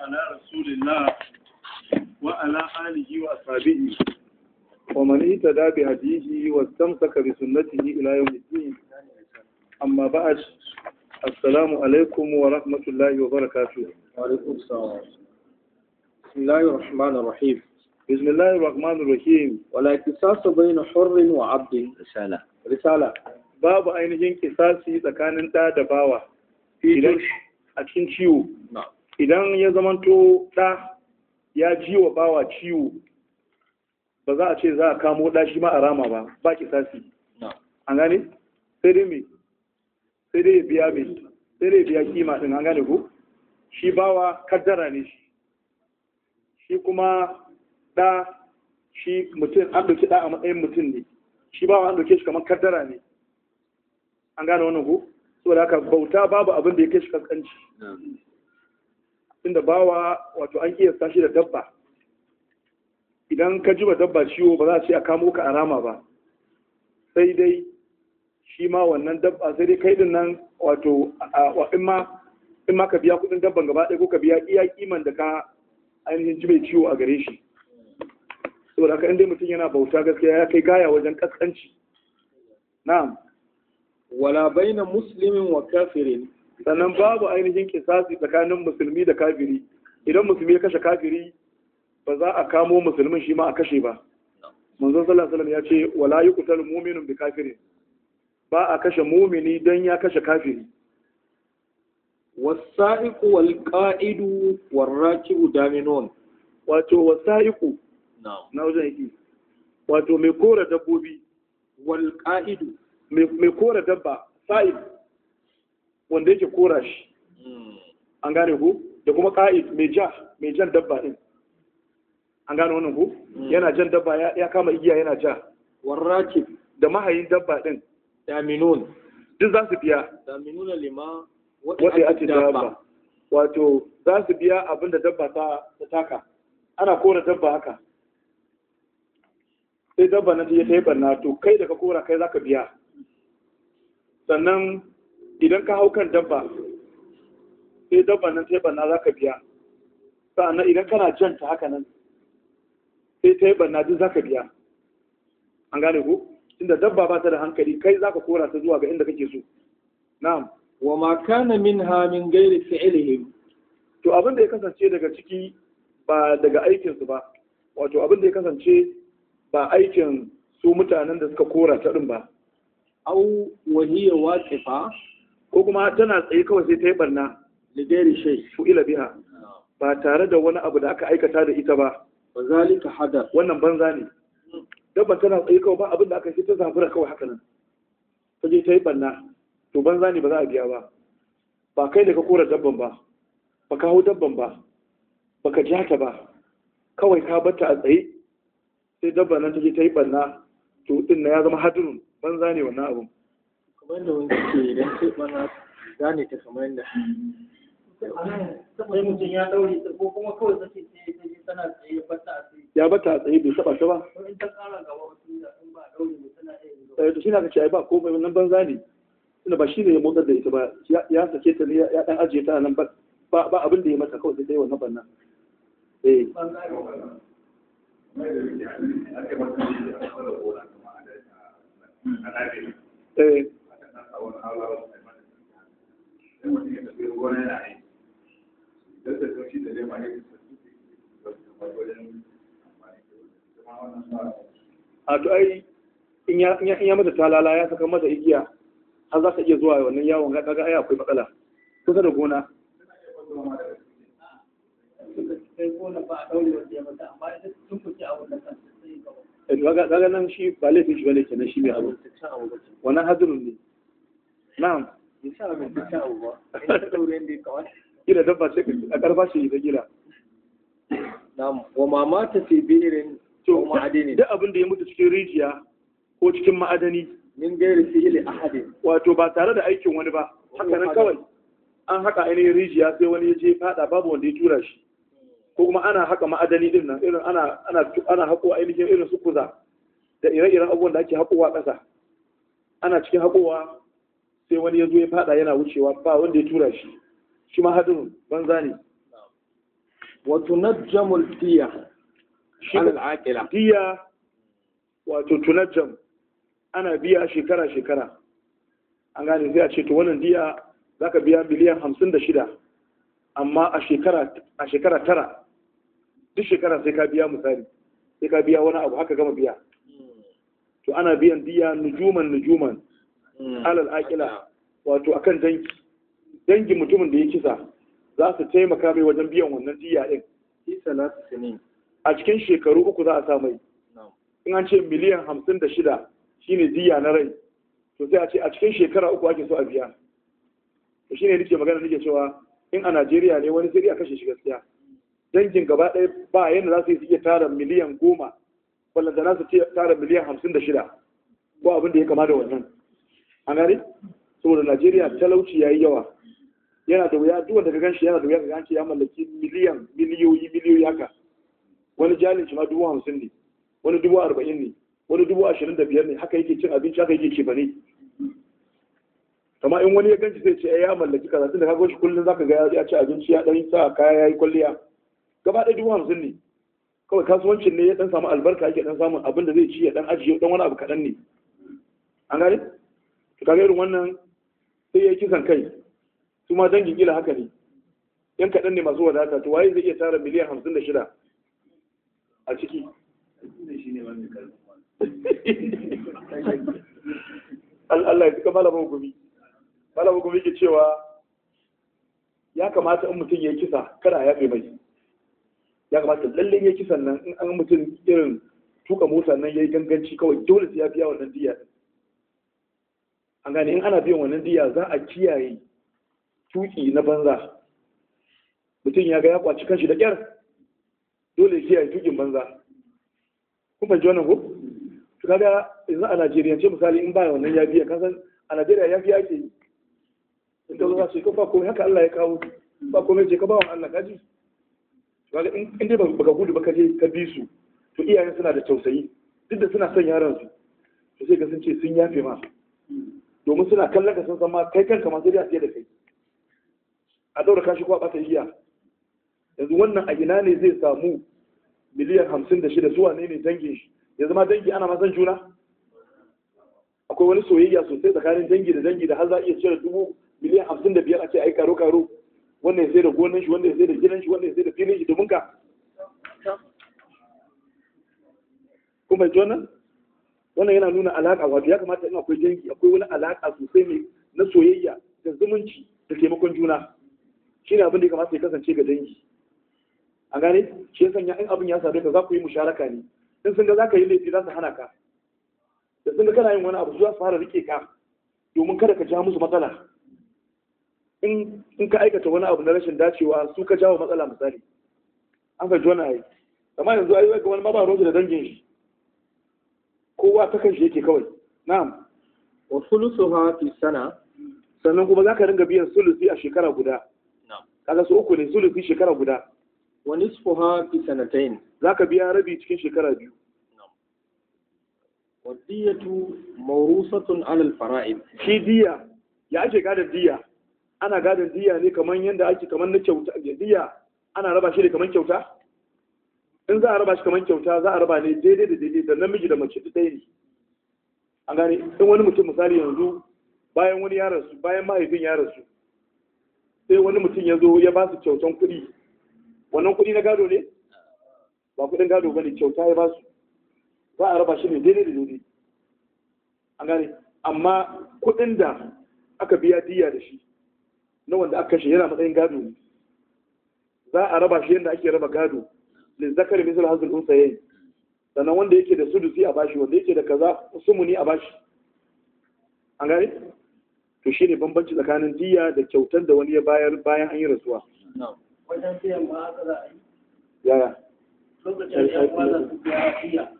على رسول الله وعلى آله وأصحابه ومن اهتدى بهديه واستمسك بسنته إلى يوم الدين أما بعد السلام عليكم ورحمة الله وبركاته وعليكم السلام بسم الله الرحمن الرحيم بسم الله الرحمن الرحيم ولا قصاص بين حر وعبد رسالة رسالة باب أين جنك قصاصي إذا كان أنت دباوة a cikin ciwo idan ya zamanto ɗa ya ji wa bawa ciwo ba za a ce za a kamo ɗa shi ma a rama ba ba ki sasi an gane sai dai me sai dai ya biya me sai dai ya biya kima din an gane ko shi bawa kaddara ne shi shi kuma ɗa shi mutum an ɗauki ɗa a matsayin mutum ne shi bawa an ɗauke shi kamar kaddara ne an gane wannan ko saboda haka bauta babu abin da ya kai shi kaskanci inda bawa wato an iya tashi da dabba idan ka ji ba dabba ciwo ba za a ce a kamo ka arama ba sai dai shi ma wannan dabba sai dai kai din nan wato a in ma ka biya kudin dabban gaba ɗaya ko ka biya iya kiman da ka ainihin ji mai ciwo a gare shi saboda haka inda mutum yana bauta gaskiya ya kai gaya wajen kaskanci na'am wala baina muslimin wa kafirin sannan babu ainihin kisasi tsakanin musulmi da kafiri idan musulmi ya kashe kafiri ba za a kamo musulmin shi ma a kashe ba manzon sallallahu alaihi ya ce wala yuqtalu mu'minun bi kafirin ba a kashe mumini dan ya kashe kafiri wasa'iqu wal qa'idu war rakibu daminun wato wasa'iqu na wajen yake wato mai kora dabbobi wal qa'idu mai kora dabba sa'id wanda yake kora shi hmm. an gane ku da kuma ka'id mai ja mai jan dabba din an gane wannan ku hmm. yana jan dabba ya kama igiya yana ja warraki da mahayin dabba din daminun duk za su biya Daminun lima wadda ya ce dabba wato za su biya abin da dabba ta taka ana kora dabba haka sai dabba na ta yi barna to kai da ka kora kai za ka biya sannan idan ka hau kan dabba sai dabba nan sai banna za ka biya sa'annan idan kana janta haka nan sai ta yi banna duk za ka biya an gane ku inda dabba ba ta da hankali kai za ka kora ta zuwa ga inda kake so na'am wa ma kana ha min ghairi fi'lihim to abin da ya kasance daga ciki ba daga aikin su ba wato abin da ya kasance ba aikin su mutanen da suka kora ta din ba au wahiya wasifa ko kuma tana tsaye kawai sai ta yi barna ligari shai ila biha ba tare da wani abu da aka aikata da ita ba ba ka hada. wannan banza ne dabban tana tsaye kawai ba abin da aka yi ta zafura kawai haka nan ta je ta yi barna to banza ne ba za a biya ba ba kai da ka kora dabban ba ba ka hau dabban ba ba ka ja ta ba kawai ka bata a tsaye sai dabban nan ta je ta yi barna to din na ya zama hadirin banza ne wannan abin kamar da ke idan ce gane ta kamar yadda sai mutum ya daure ta ko kuma kawai ta tana tsaye bata a tsaye ya a tsaye bai taba ta ba in ta kara gaba wasu da ba daure tana eh, to shi na ai ba komai banza ne tunda ba shi ne ya motsar da ita ba ya sake ta ne ya dan ajiye ta nan ba ba abin da ya mata kawai sai ta yi wannan eh a wani aula wasu mai mata sai mutum ya tafi gona yana aiki idan da sun shi da zai ma yake a to ai in ya mata talala ya saka mata igiya har za ka iya zuwa wannan yawon ga kaga ai akwai matsala kusa da gona eh, kaga nan shi ba laifin shi bane kenan shi ne abu wannan hadirin ne na'am insha Allah insha Allah in ka daure kawai kila dabba sai a karba shi da gida. na'am wa mamata fi birin to ma'adini duk abin da ya mutu cikin rijiya ko cikin ma'adani min gairi fi'ili ahadin wato ba tare da aikin wani ba haka nan kawai an haka ainihin rijiya sai wani ya je fada babu wanda ya tura shi ko kuma ana haka ma'adani din nan irin ana ana ana hako ainihin irin su kuza da ire-iren abubuwan da ake hakowa ƙasa ana cikin hakowa sai wani ya zo ya fada yana wucewa ba wanda ya tura shi shi ma hadin banza ne wato najjamul tiya shi al'aqila tiya wato tunajjam ana biya shekara shekara an gane sai a ce to wannan diya zaka biya miliyan hamsin da shida amma a shekara tara duk shekara sai ka biya misali sai ka biya wani abu haka gama biya hmm. to ana biyan diya nujuman nujuman Hmm. alal akila wato akan dangi dangi mutumin da ya kisa za su taimaka mai wajen biyan wannan diya din a cikin shekaru uku za a sa mai in an ce miliyan hamsin da shida shine diya na rai to sai a ce a cikin shekara uku ake so a biya to shine nake magana nake cewa in a Najeriya ne wani sai a kashe shi gaskiya dangin gaba ɗaya ba yadda za su yi iya tara miliyan goma za su tara miliyan hamsin da shida ko abin da ya kama da wannan an gane saboda najeriya talauci ya yi yawa yana da wuya duk wanda ka ganshi yana da wuya ka ganshi ya mallaki miliyan miliyoyi miliyoyi haka wani jalin shi ma dubu hamsin ne wani dubu arba'in ne wani dubu ashirin da biyar ne haka yake cin abinci haka yake kifa ne kama in wani ya ganci zai ce eh, ya mallaki kaza tunda ka goshi kullum zaka ga ya ci abinci ya dan sa kaya ya yi kwalliya gaba ɗaya dubu hamsin ne kawai kasuwancin ne ya dan samu albarka yake dan samun abin da zai ci ya dan ajiye dan wani abu kaɗan ne an gane kaga irin wannan sai ya kisan kai su ma dangin gila haka ne yan kaɗan ne masu wadata to waye zai iya tara miliyan hamsin da shida a ciki Allah ya tuka malamin gumi malamin gumi ke cewa ya kamata in mutum ya kisa kada ya mai ya kamata lallai ya kisan nan in an mutum irin tuka mota nan ya yi ganganci kawai dole sai ya biya wannan diya din an gane in ana biyan wannan diya za a kiyaye tuki na banza mutum ya ga ya kwaci kanshi da kyar dole kiyaye tukin banza kuma ji wannan ko to kaga yanzu a Najeriya ce misali in baya wannan ya biya san a Najeriya ya biya ke yi in ka zuwa za su yi kafa haka Allah ya kawo ba komai ce ka ba wa Allah kaji kaga in dai baka gudu ba ka je ka bi su to iyayen suna da tausayi duk da suna son yaran su to sai ka sun ce sun yafe ma domin suna kallon ka sun san ma kai kanka ma sai fiye da kai a daura kashi ko a ɓata iya yanzu wannan a ina ne zai samu miliyan hamsin da shida zuwa ne ne dangin shi Yanzu ma dangi ana masan juna akwai wani soyayya sosai tsakanin dangi da dangi da har za a iya cire dubu miliyan hamsin da biyar a ce yi karo karo Wannan ya sai da gonan shi wannan ya sai da gidan shi wannan ya sai da filin shi domin ka kuma jonan wannan yana nuna alaƙa wato ya kamata in akwai dangi akwai wani alaƙa sosai mai na soyayya da zumunci da taimakon juna shine abin da ya kamata ya kasance ga dangi a gane shi ya sanya in abin ya sadu ka za ku yi musharaka ne in sun ga za ka yi laifi za su hana ka da sun ga kana yin wani abu zuwa su fara rike ka domin kada ka ja musu matsala in ka aikata wani abu na rashin dacewa su ka jawo matsala misali an fahimci wani ayi amma yanzu ayi ga wani ma da dangin shi kowa ta kan shi yake kawai na'am wa ha fi sana sannan kuma za ka ringa biyan sulusi a shekara guda kaga su uku ne sulusi shekara guda wa ha fi sanatain za ka biya rabi cikin shekara biyu wa diyatu mawrusatun alal fara'id shi diya ya ake gada diya ana gadon diya ne kamar yadda ake kamar na kyauta diya ana raba shi ne kamar kyauta in za a raba shi kamar kyauta za a raba ne daidai da daidai da namiji da mace duk ɗaya ne an gane in wani mutum misali yanzu bayan wani yaran su bayan mahaifin yaran su sai wani mutum ya zo ya ba su kyautan kuɗi wannan kuɗi na gado ne ba kuɗin gado ba ne kyauta ya ba su za a raba shi ne daidai da daidai an gane amma kuɗin da aka biya diya da shi na wanda aka kashe yana matsayin gado za a raba shi yadda ake raba gado lizzakar misal hazul unsayayn sannan wanda yake da sudusi a bashi wanda yake da kaza sumuni a bashi an gane to shine bambanci tsakanin diya da kyautar da wani ya bayar bayan an yi rasuwa wajen siyan ma haka za a yi yaya lokacin da yan wazan su biya diya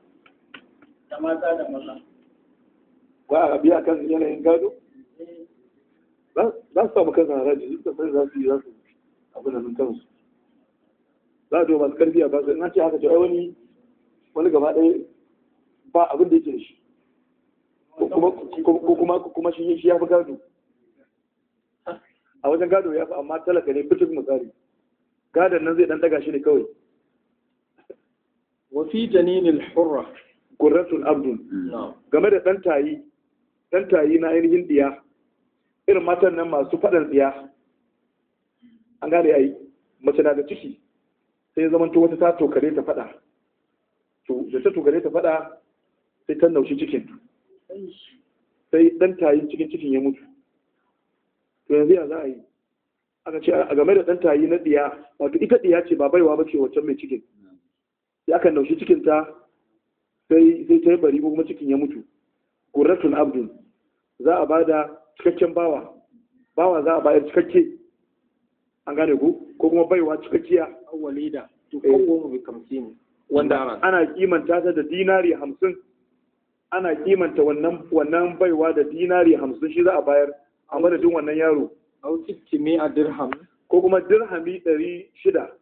da mata da maza ba a biya kan yanayin gado za su samu kansa haraji duk da sai za su yi za su abin da kansu za a duba masu karfi a basu in an ce haka ce ai wani wani gaba ɗaya ba abin da yake da shi ko kuma shi ya fi gado a wajen gado ya fi amma talaka ne fitin misali gadon nan zai dan daga shi ne kawai wa fi janinil hurra qurratul abdul game da dan tayi tayi na ainihin diya irin matan nan masu fadan diya an gane ai mace na da ciki sai ya zamanto wata ta tokare ta faɗa to da ta tokare ta faɗa sai ta naushi cikin sai dan tayin cikin cikin ya mutu to yanzu ya za a yi aka ce a game da dan tayi na ɗiya wato ita ɗiya ce ba baiwa ba ce wancan mai cikin sai aka naushi cikin ta sai sai ta yi bari ko kuma cikin ya mutu qurratun abdul za a bada cikakken bawa bawa za a bayar cikakke an gane ku ko kuma baiwa cikakkiya walida to eh. kan goma bi kamsin wanda ana kimanta ta da dinari hamsin ana kimanta wannan wannan baiwa da dinari hamsin shi za a bayar a madadin wannan yaro au tittimi a dirham ko kuma dirhami ɗari shida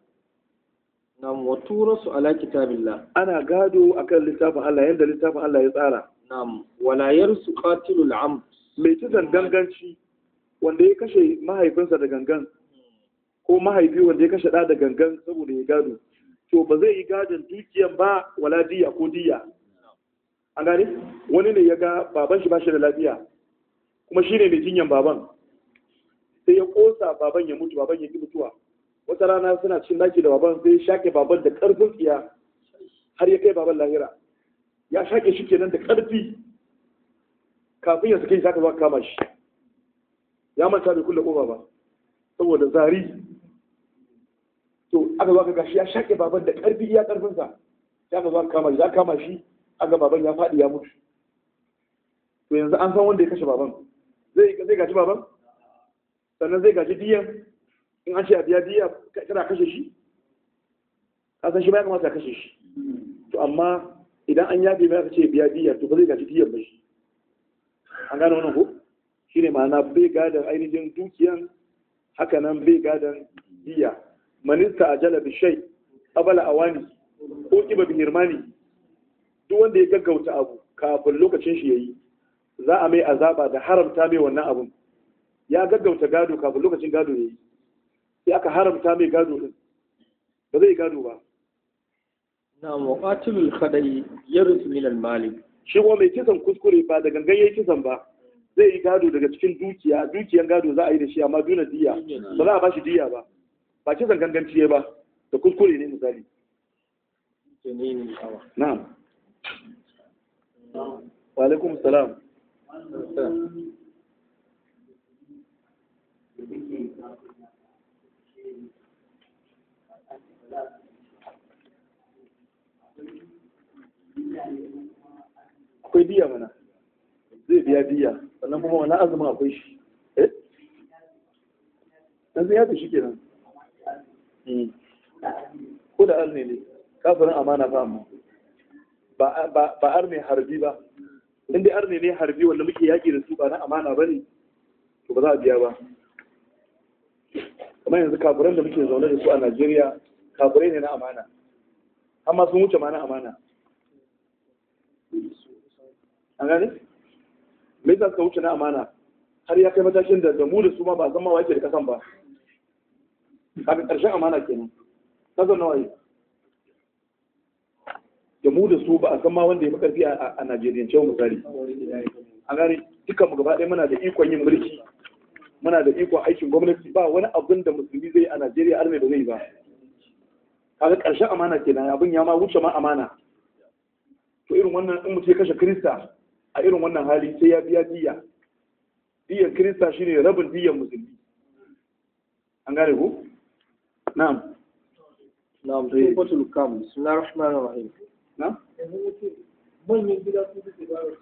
Nam wa tura su ala kitabillah. Ana gado akan littafin Allah yadda littafin Allah ya tsara. Nam wala yarsu qatilul am. Mai cizon ganganci wanda ya kashe mahaifinsa da gangan ko mahaifi wanda ya kashe ɗa da gangan saboda ya gado to ba zai yi gadon dukiyan ba wala diya ko diya an gane wani ne ya ga baban shi ba shi da lafiya kuma shi ne mai jinyan baban sai ya kosa baban ya mutu baban ya ki mutuwa wata rana suna cin daki da baban sai ya shaƙe baban da ƙarfin tsiya har ya kai baban lahira ya shaƙe shi kenan da ƙarfi kafin ya sake shi aka zo kama shi ya manta bai kulle ƙofa ba saboda zari aka zo aka gashi ya shaƙe baban da ƙarfi iya ƙarfinsa ya ka zo aka kama shi aka kama shi aka baban ya faɗi ya mutu to yanzu an san wanda ya kashe baban zai zai gaji baban sannan zai gaji diyan in an ce a biya diya kana kashe shi ka san shi ba ya kamata ya kashe shi to amma idan an yafe mai aka ce biya diya to ba zai gaji diyan ba shi an gane wannan ko shine ma'ana bai gadan ainihin dukiyan hakanan bai gadan diya manista ajala bi shay qabala awani ko kiba bi hirmani duk wanda ya gaggauta abu kafin lokacin shi yayi za a mai azaba da haramta mai wannan abun ya gaggauta gado kafin lokacin gado yayi sai aka haramta mai gado din ba zai gado ba na muqatilul khadai yarus min al malik shi kuma mai kisan kuskure ba da gangan yayi kisan ba zai yi gado daga cikin dukiya dukiyan gado za a yi da shi amma duna diya ba za a ba shi diya ba ba kisan ganganci ba da kuskure ne misali na'am wa alaikum salam akwai biya mana zai biya biya sannan kuma wani azumin akwai shi eh yanzu ya fi shi kenan ko da arne ne kafirin amana ba mu, ba arne harbi ba in dai ne harbi wanda muke yaƙi da su ba na amana ba ne to ba za a biya ba kamar yanzu kafiran da muke zaune da su a najeriya kafirai ne na amana amma sun wuce ma na amana an gane me yasa suka wuce na amana har ya kai matakin da mu da su ma ba zama wake da kasan ba kafin ƙarshen amana kenan zo nawa yi da mu da su ba a san ma wanda ya fi ƙarfi a Najeriya cewa misali a gari dukkan mu gaba ɗaya muna da ikon yin mulki muna da ikon aikin gwamnati ba wani abin da musulmi zai yi a Najeriya har mai ba zai ba kaga ƙarshen amana kenan abin ya ma wuce ma amana to irin wannan in mutum ya kashe Kirista a irin wannan hali sai ya biya diya diyan Kirista shine rabin diyan musulmi an gane ku na'am na'am sai eh. fatul kam bismillahir rahmanir rahim na'am manyan gida su suke ba da shi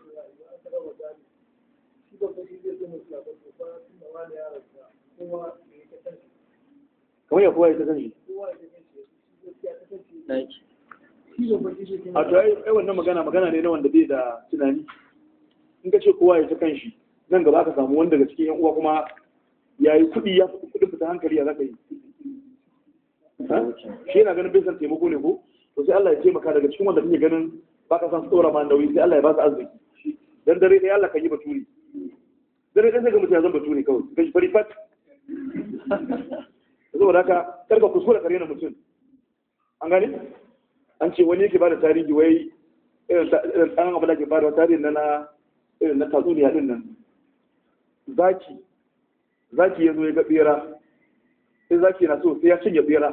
kamar ya kowa ya ta kanshi kowa ya ta kanshi to ai wannan magana magana ne na wanda bai da tunani in ka ce kowa ya ta kanshi nan gaba ka samu wanda daga cikin yan uwa kuma ya yi kuɗi ya fi kuɗin fita hankali ya zaka yi shi yana ganin bai san taimako ne ko to sai Allah ya taimaka daga cikin wanda kake ganin baka san tsora ma nauyi sai Allah ya ba su arziki dan dare dai Allah kan yi baturi dare dai sai ga mutane zan baturi kawai kashi fari fat da haka karka kuskura kare na mutum an gane an ce wani yake bada tarihi wai irin ɗan abu da ke bada tarihi na na irin na tatsuniya din nan zaki zaki ya zo ya ga bera sai zaki na so sai ya cinye bera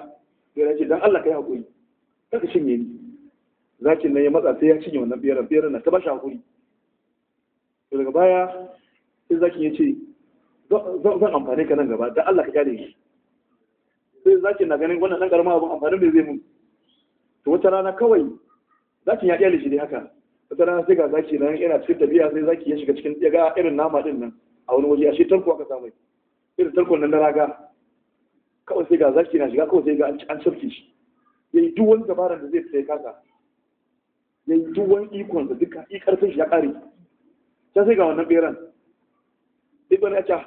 sai na ce dan Allah kai hakuri kada cinye ni zakin nan ya matsa sai ya cinye wannan beran beran na ta bashi hakuri to daga baya sai zakin ya ce zan amfani ka nan gaba dan Allah ka kyale shi sai zakin na ganin wannan dan karamin abin amfanin da zai mun to wata rana kawai zakin ya kyale shi dai haka wata rana sai ga zaki nan yana cikin tafiya sai zaki ya shiga cikin ya ga irin nama din nan a wani waje a shi tarko aka samu irin tarkon nan na raga kawai sai ga zaki na shiga kawai sai ga an cafke shi ya yi duk wani da zai fita kasa ya yi duk wani ikon da duka i karfin shi ya kare can sai ga wannan beran sai wani ya ce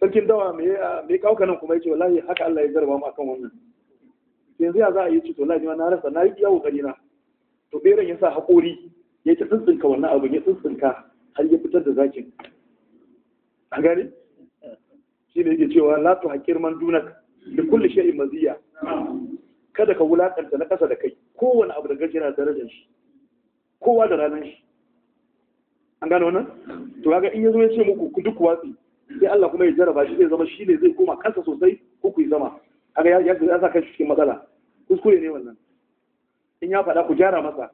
sarkin dawa mai kawo nan kuma ya ce wallahi haka Allah ya zarba mu akan wannan yanzu ya za a yi ce to wallahi na rasa na yi yawo kokari na to beran ya sa haƙori ya ta tsintsinka wannan abin ya tsintsinka har ya fitar da zakin a gani shi ne yake cewa latu tu hakir da kulli shay'in maziya kada ka wulakanta na ƙasa da kai kowane abu da gaji yana darajar shi kowa da ranar shi an gano wannan to kaga in yazo ya ce muku ku duk watsi sai Allah kuma ya jarraba shi zai zama shi ne zai koma kansa sosai ko ku yi zama kaga ya ya sa shi cikin matsala kuskure ne wannan in ya faɗa ku gyara masa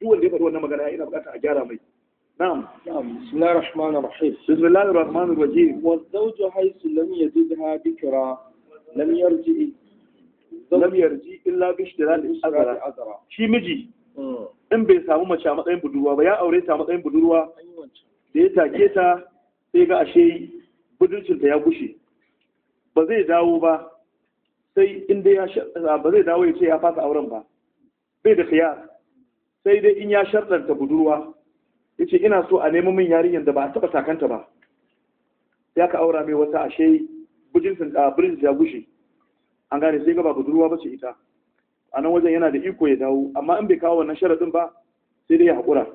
duk wanda ya faɗi wannan magana ya ina buƙatar a gyara mai نعم نعم بسم الله الرحمن الرحيم بسم الله الرحمن الرحيم والزوج حيث لم يجدها بكرا lam yarji lam yarji illa bi ishtirati azara shi miji hmm. in bai samu mace a matsayin budurwa ba ya aure ta a matsayin budurwa da ya take ta sai ga ashe budurcin ta ya gushe ba zai dawo ba sai in dai ya ba zai dawo ya ce ya fasa auren ba Sai da khiyar sai dai in ya sharɗanta budurwa yace ina so a nemi min yarinyar da ba a taɓa takanta ba ya ka aura mai wata ashe kujinsin a ah, birnin ya gushe an gane sai gaba budurwa ba ce ita a nan wajen yana da iko ya dawo amma in bai kawo wannan sharaɗin ba sai dai ya haƙura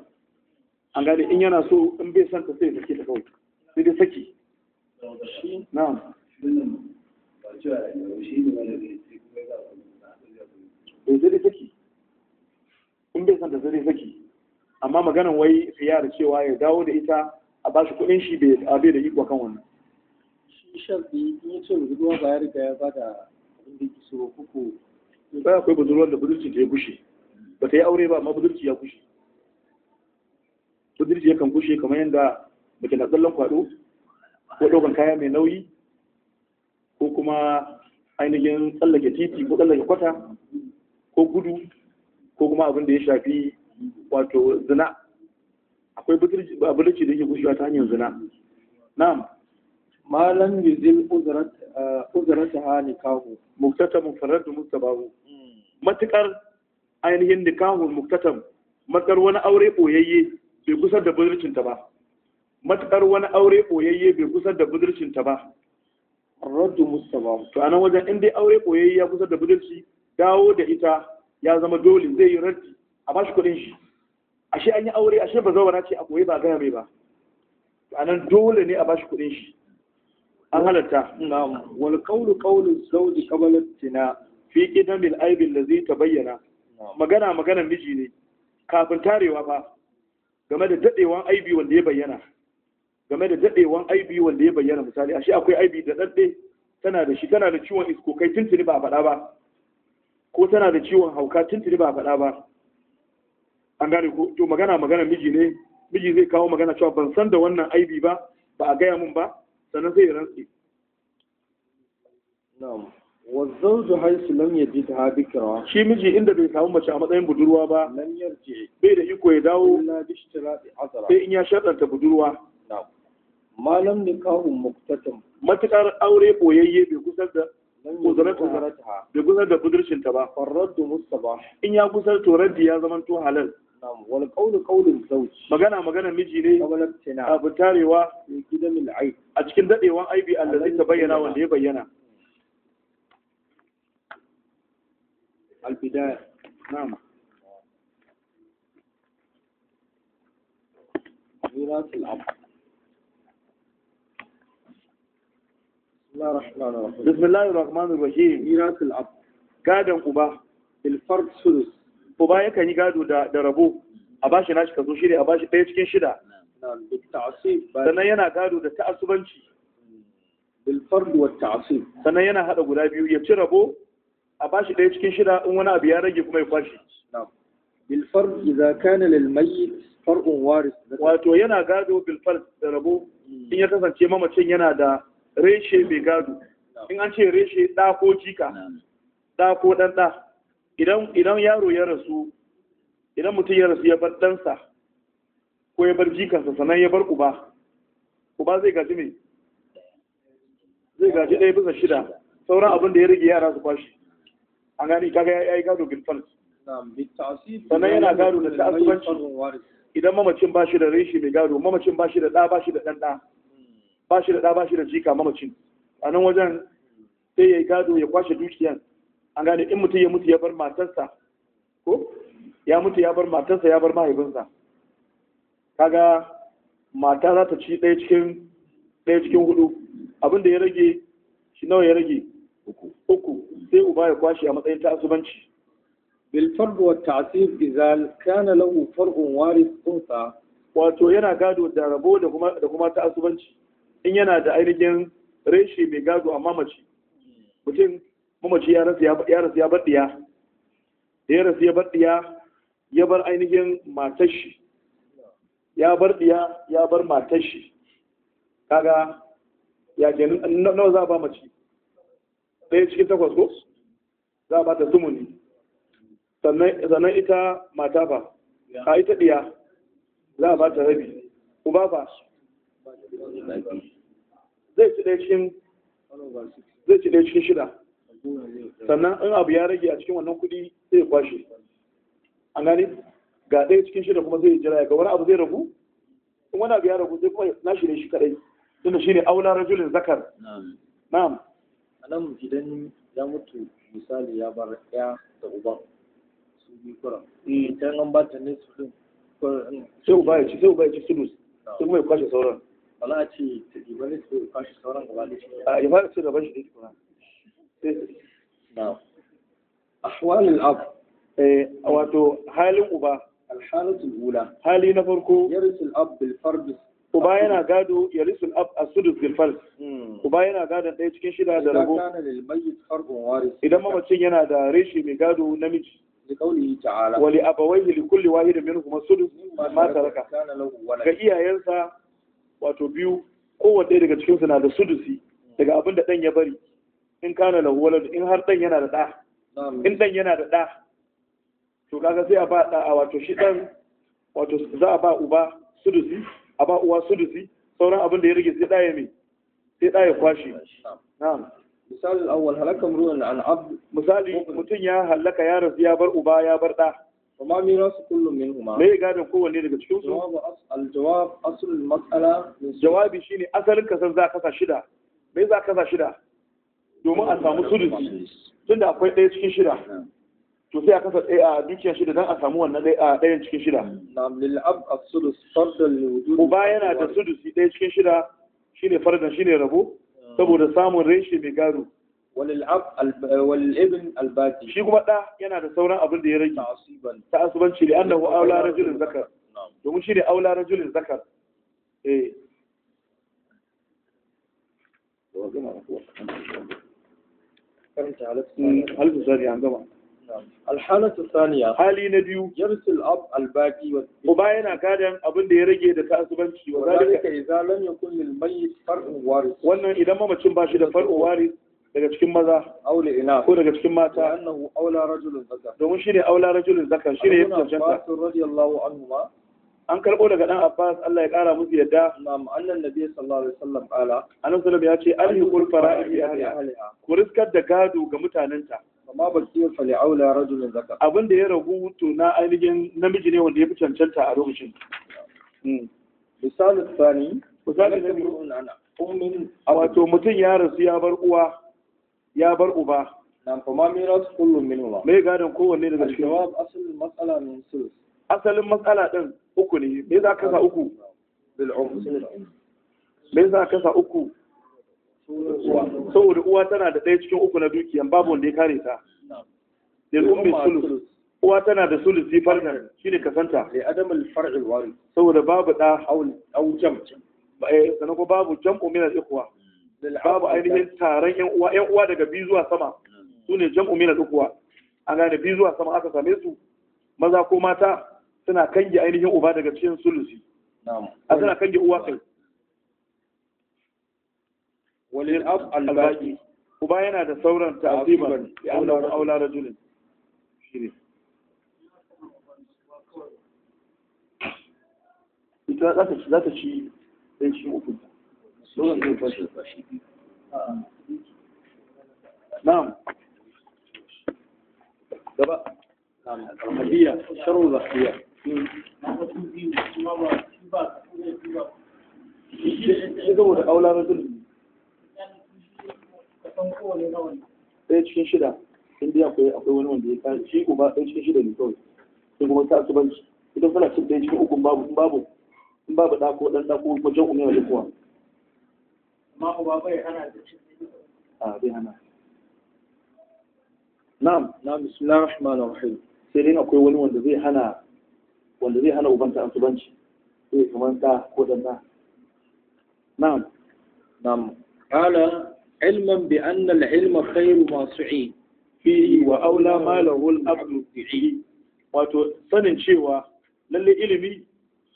an gane in yana so in bai son ta sai ya sake ta kawai sai dai saki na'am bai eh, sai dai saki in bai son ta sai dai saki amma maganan wai sai yara cewa ya dawo da ita a bashi kuɗin shi bai da iko kan wannan sharɗi in ya ce ba ya riga ya bada abin da yake so kuku ba akwai budurwar da budurci ta ya gushe ba ta yi aure ba amma budurci ya gushe budurci ya kan gushe kamar yadda mace na tsallon kwado ko ɗaukan kaya mai nauyi ko kuma ainihin tsallake titi ko tsallake kwata ko gudu ko kuma abin da ya shafi wato zina akwai budurci da yake gushewa ta hanyar zina na'am malam yuzil uzurata ha nikahu muktatamun farardu mustabahu matukar ainihin nikahun muktatam matukar wani aure boyayye bai kusa da budurcin ta ba matukar wani aure boyayye bai kusa da budurcin ta ba raddu mustabahu to anan wajen in dai aure boyayye ya kusa da budurci dawo da ita ya zama dole zai yi raddi a bashi kuɗin shi ashe an yi aure ashe ba zaura ce a koyi ba gaya mai ba anan dole ne a bashi kuɗin shi an halatta wal qawlu qawlu zawji qabla tina fi qidam al aib allazi tabayyana magana magana miji ne kafin tarewa fa game da dadewan aibi wanda ya bayyana game da dadewan aibi wanda ya bayyana misali ashe akwai aibi da dadde tana da shi tana da ciwon isko kai tuntuni ba a faɗa ba ko tana da ciwon hauka tuntuni ba a faɗa ba an gane ko to magana magana miji ne miji zai kawo magana cewa ban san da wannan aibi ba ba a gaya mun ba sannan zai ya rantsi na'am wazzauju haisu lam yajid ha bikra shi miji inda bai samu mace a matsayin budurwa ba lam yarji bai da iko ya dawo illa bi ishtirati azra sai in ya shaɗanta budurwa na'am malam kawun muktatam matakar aure ɓoyayye bai gusar da kuzarata bai gusar da budurcinta ba farraddu mustaba in ya gusar to raddi ya zama to halal wani ƙaunin ƙaunin zauci magana magana miji ne kafin tarewa a cikin dadewan aibi allazi ta bayyana wanda ya bayyana albidaya na'am miratul ab بسم الله الرحمن الرحيم ميراث الاب قادم قبا الفرد ثلث uba yakan yi gado da rabo a bashi nashi shi ne. a bashi ɗaya cikin shida sannan yana gado da ta'assubanci fard wa ta'assub sannan yana hada guda biyu ya ci rabo a bashi ɗaya cikin shida in wani abu ya rage kuma ya kwashi fard idza kana lil mayyit far'un waris wato yana gado fard da rabo in ya kasance mamacin yana da reshe mai gado in an ce reshe ɗa ko jika ɗa ko ɗan idan yaro ya rasu idan mutum ya rasu ya bar ɗansa ko ya bar jikansa sannan ya bar uba uba zai gaji mai zai gaji ɗaya bisa shida sauran abin da ya rage yara su kwashi an gani kaga ya yi gado bilfan sannan yana gado da ta'asubanci idan mamacin ba shi da reshi mai gado mamacin ba shi da ɗa ba shi da ɗan ɗa hmm. ba shi da ɗa ba shi da jika mamacin a nan wajen sai ya yi gado ya kwashe dukiyan an gane in mutum ya mutu ya bar matarsa ko ya mutu ya bar matarsa ya bar mahaifinsa kaga mata za ta ci ɗaya cikin ɗaya cikin hudu abinda ya rage shi nawa ya rage uku sai uba ya kwashe a matsayin ta'asubanci bil fard wa ta'sib idza kana lahu far'un waris unsa wato yana gado da rabo da kuma da kuma ta'asubanci in yana da ainihin reshe mai gado amma mace mutum mamaci ya rasu ya bar da ya rasu ya bar ya bar ainihin matashi ya bar diya ya bar matashi kaga ya ke nawa za a ba mace ɗaya cikin takwas ko za a ba ta sumuni sannan ita mata ba a ita diya za a ba ta rabi uba ba zai ci ɗaya cikin shida sannan in abu ya rage a cikin wannan kuɗi zai kwashe an gane ga ɗaya cikin shida kuma zai jira ga wani abu zai ragu in wani abu ya ragu zai kuma na shi ne shi kadai tunda shi ne aular rajulin zakar na'am anan idan ya mutu misali ya bar ya da su bi kura eh. idan an bata ne su din sai uba ya ci sai uba ya ci sai kuma ya kwashe sauran wala a ce ta ɗiba ne su kwashe sauran gaba da shi a ya fara da ban shi da kuma na'am ahwal eh, wato halin uba hali na farko uba yana gado ya ab a sudus gilfal hmm. uba yana gadon ɗaya cikin shida da rabo idan mamacin yana da reshe mai gado namiji wali abawaihi li kulli wahidin minhum kuma ma taraka ga iyayensa wato biyu kowanne daga cikin na da sudusi daga abin da ɗan ya bari in kana da walad in har dan yana da da in dan yana da da to kaga sai a ba da a wato shi dan wato za a ba uba sudusi a ba uwa sudusi sauran abin da ya rage sai daya me sai daya kwashi na'am misalin awwal halaka mru'un an abd misali mutun ya halaka ya rafi ya bar uba ya bar da rasu kullum min huma me gadon kowanne daga cikin su al-jawab asl al-mas'ala jawabi shine asalin kasar za ka sa shida me za ka sa shida domin a samu sudusi tunda akwai ɗaya cikin shida to sai a kasa ɗaya a dukiyar shida don a samu wannan ɗayan cikin shida uba yana da sudusi ɗaya cikin shida shi shine fardan ne rabo ah. saboda samun reshe mai gado shi kuma ɗa yana da sauran abin da ya rage ta asubanci da annahu aula rajulin zakar domin shi ne aula rajulin zakar eh karanta halittu mm, halittu an gama saniya hali na biyu yarsul ab uba yana gadan abinda ya rage da kasubanci wa zalika idza lam yakun lil mayyit far'un waris wannan idan mamacin ba shi da daga cikin maza ina ko daga cikin mata annahu aula rajulun zakar domin shine aula rajulun zakar shine ya tantance radiyallahu anhu an karɓo daga ɗan Abbas Allah ya ƙara musu yadda na'am annan nabi sallallahu alaihi wasallam ala annabi sallallahu ya ce alhiqul fara'id bi ahliha ku riskar da gado ga mutanenta amma ba su fa li'aula rajulun zaka abin da ya ragu to na ainihin namiji ne wanda ya fi cancanta a lokacin hmm. misalin sani misali na biyu ummin wato mutum ya rasu ya bar uwa ya bar uba nan fa ma miras kullum minhuma mai gadon kowanne daga cikin jawab asalin matsala min sulus asalin matsala ɗin uku ne me za ka sa uku me za ka sa uku saboda uwa tana da ɗaya cikin uku na dukiyan babu wanda ya kare ta lil ummi sulus uwa tana da sulusi farkan shine kasanta li adam al far'i al saboda babu da haul au jam eh sanan ko babu jam'u min al ikhwa babu ainihin taron yan uwa yan uwa daga biyu zuwa sama hmm. sune jam'u min al ikhwa an gane biyu zuwa sama aka same su maza ko mata suna kange ainihin uba daga cikin sulusi a suna kange uwa kai Wani abu albaki. uba yana da sauran ta'ziban aula aula rajulin ita za ta ci za ta ci dan shi uku sauran zai na'am gaba na'am hadiya sharu zakiya shi saboda aula na zulmi ɗaya cikin shida indiya akwai akwai wani wanda ya kare shi uba ɗaya cikin shida ne kawai sai kuma ta asubanci idan kana cin ɗaya cikin uku babu babu in babu ɗa ɗan ɗa ko wajen umiyar da kuwa amma uba bai hana da cin a bai hana na'am na bismillahir rahmanir rahim sai dai akwai wani wanda zai hana wanda zai hana ubanta uban ta'assubanci sai kamar da ko da da na'am na'am qala ilman bi anna al-ilma khairu ma su'i fi wa aula ma lahu al-abdu fihi wato sanin cewa lalle ilimi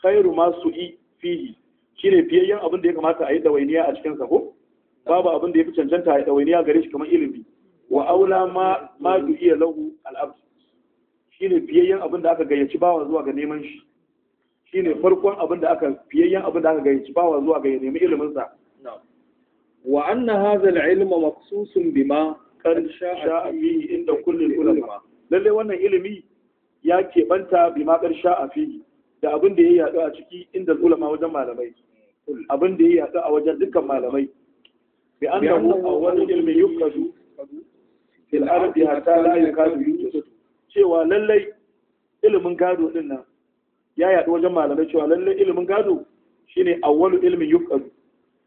khairu ma su'i fihi shine fiyayyen abin da ya kamata a yi dawainiya a cikin sa ko babu abin da ya fi cancanta a yi dawainiya gare shi kamar ilimi wa aula ma ma iya lahu al-abdu shine fiyayyen abin da aka gayyaci bawa zuwa ga neman shi shine farkon abin da aka fiyayyen abin da aka gayyaci bawa zuwa ga neman ilimin sa wa anna hadha al-ilm kususun bima qad sha'a fihi inda kulli ulama lalle wannan ilimi ya keɓanta bima qad sha'a fihi da abin da ya haɗu a ciki inda ulama wajen malamai abin da ya haɗu a wajen dukkan malamai bi annahu awwalu ilmi yukadu fil ardi hatta la yakadu yujad cewa lallai ilimin gado din nan ya yaɗu wajen malamai cewa lallai ilimin gado shine awwalu ilmin shi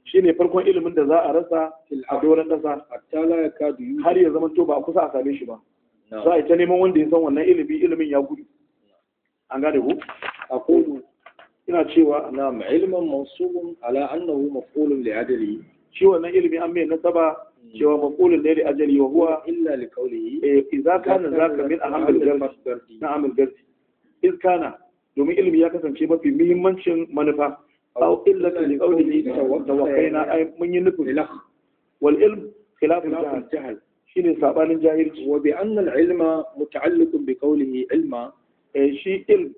shine farkon ilimin da za a rasa a doron ƙasa har ya zama to ba a kusa a same shi ba za a yi ta neman wanda ya san wannan ilimi ilimin ya gudu an gane ku a kodu ina cewa na ilmin mansubun ala annahu maf'ulun li adali shi wannan ilimi an mai nasaba cewa maqulun ne da ajali wa huwa illa li qawlihi eh idza kana zaka min ahamil gardi na amil gardi iz kana domin ilimi ya kasance mafi muhimmancin manufa aw illa li qawlihi tawakkaina ai mun yi nufin wal ilm khilaf jahl shine sabanin jahilci wa bi anna al ilma muta'alliqun bi qawlihi ilma eh shi ilm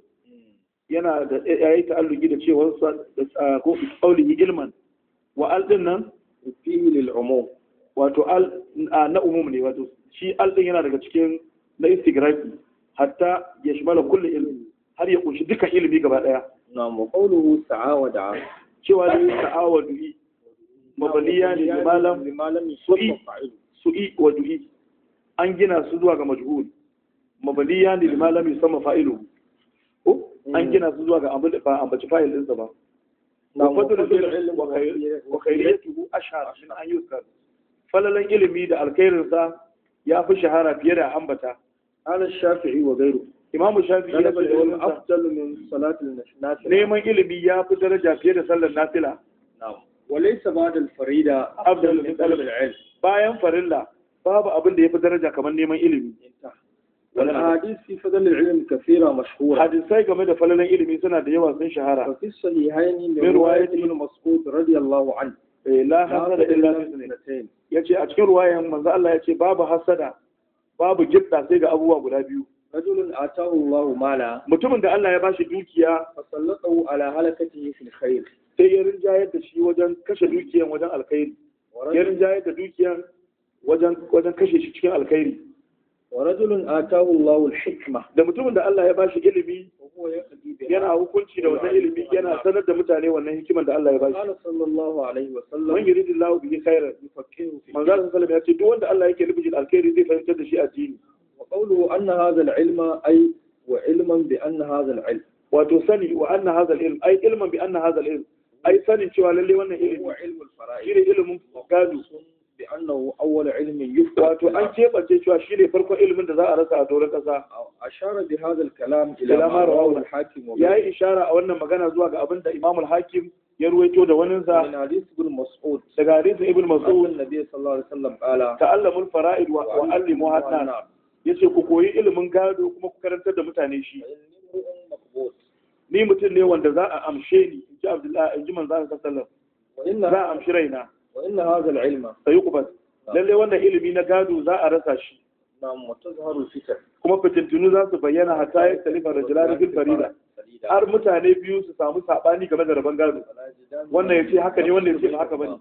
yana da yayi ta'alluqi da cewa ko qawlihi ilman wa al din nan fi lil umum wato al na umum ne wato shi al din yana daga cikin na istigrafi hatta ya shimala kulli ilmi har ya kunshi duka ilimi gaba daya na mu qawluhu ta'awada cewa da ta'awadu mabaliya ne malam malam su'i su'i wa du'i an gina su zuwa ga majhul mabaliya ne malam yusamma fa'ilu ko an gina su zuwa ga abin da ba ambaci fa'il ɗinsa ba Na fadlu ilmi wa khayriyatuhu ashhar min an falalan ilimi da alkhairinsa ya fi shahara fiye da ambata ala shafi'i wa gairu imam shafi'i ya ce wal afdal min salatil nafila neman ilimi ya fi daraja fiye da sallar nafila wa laysa ba'da al farida afdal min talab al ilm bayan farilla babu abin da ya fi daraja kamar neman ilimi والحديث في فضل العلم كثيرة مشهورة حديثي كما دفلنا إلمي سنة ديوة من شهرة وفي الصحيحين من رواية ابن مسعود رضي الله عنه Eh, la hasada illa fitnatain yace a cikin ruwayan manzo Allah yace babu hasada babu gibda sai ga abubuwa guda biyu rajulun atahu Allah mala mutumin da Allah ya bashi dukiya fasallatu ala halakatihi fil khair sai ya rinjayar da shi wajen kashe dukiyan wajen alkhairi ya rinjayar da dukiyan wajen wajen kashe shi cikin alkhairi wa rajulun atahu Allahu al-hikma da mutumin da Allah ya bashi ilimi yana hukunci da wannan ilimi yana sanar da mutane wannan hikiman da Allah ya bashi Allah sallallahu alaihi wa sallam man yuridillahu bihi khairan ya ce duk wanda Allah yake nufin alkhairi zai fahimtar da shi addini wa qawluhu anna hadha al-ilma ay wa ilman bi anna hadha al-ilm wato sani wa anna hadha al-ilm ay ilman bi anna hadha al-ilm ai sanin cewa lalle wannan ilimi shine ilimin gado bi annahu awwal ilmin yufqa to an keɓance cewa shi ne farkon ilimin da za a rasa a doron kasa. ashara bi hadha al-kalam ila ma rawahu al-hakim ya yi ishara a wannan magana zuwa ga abin da imam al-hakim ya ruwaito da wani sa min hadith ibn mas'ud daga hadith ibn mas'ud annabi sallallahu alaihi wasallam qala ta'allamul fara'id wa allimu hadna yace ku koyi ilimin gado kuma ku karantar da mutane shi ni mutum ne wanda za a amshe ni in ji abdullahi in ji manzo sallallahu alaihi wasallam za a amshi raina wa inna hadha al-ilma sayuqbal lalle wannan ilimi na gado za a rasa shi na'am wa tazharu kuma fitintunu za su bayyana hatta ya da rajulan fil farida har mutane biyu su samu sabani game da rabon gado wannan yace haka ne wannan yace ba haka bane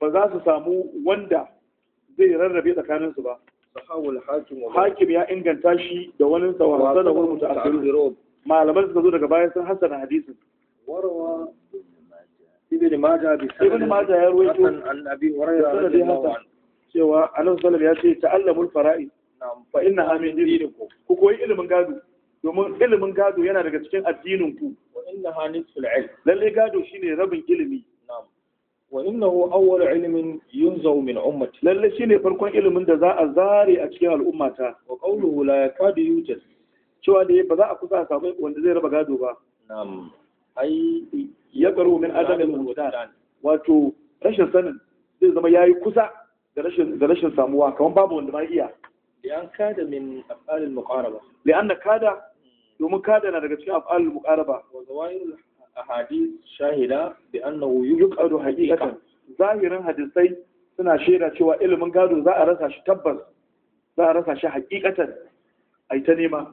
ba za su samu wanda zai rarrabe tsakanin su ba hakim ya inganta shi da wani sawarsa da wani mutu malaman suka zo daga bayan sun hasana hadisin ibn majah bi ibn majah ya ruwaito an abi hurairah radiyallahu anhu cewa annabi sallallahu ya ce ta'allamul fara'id na'am fa innaha min dinikum ku koyi ilimin gado domin ilimin gado yana daga cikin addininku. wa innaha nisful ilm lalle gado shine rabin ilimi na'am wa innahu awwal ilmin yunzaw min ummati lalle shine farkon ilimin da za a zare a cikin al'ummata wa qawluhu la yakadu yujad cewa da ba za a kusa a samu wanda zai raba gado ba na'am ai ya karu min adamin wudan wato rashin sanin zai zama yayi kusa da rashin da rashin samuwa kamar babu wanda ma iya li'an kada min af'alil muqaraba li'anna kada domin kada na daga cikin af'alil muqaraba wa zawairul ahadith shahida bi annahu yuqadu haqiqatan zahirin hadisai suna shaida cewa ilimin gado za a rasa shi tabbas za a rasa shi hakikatan ai ta nema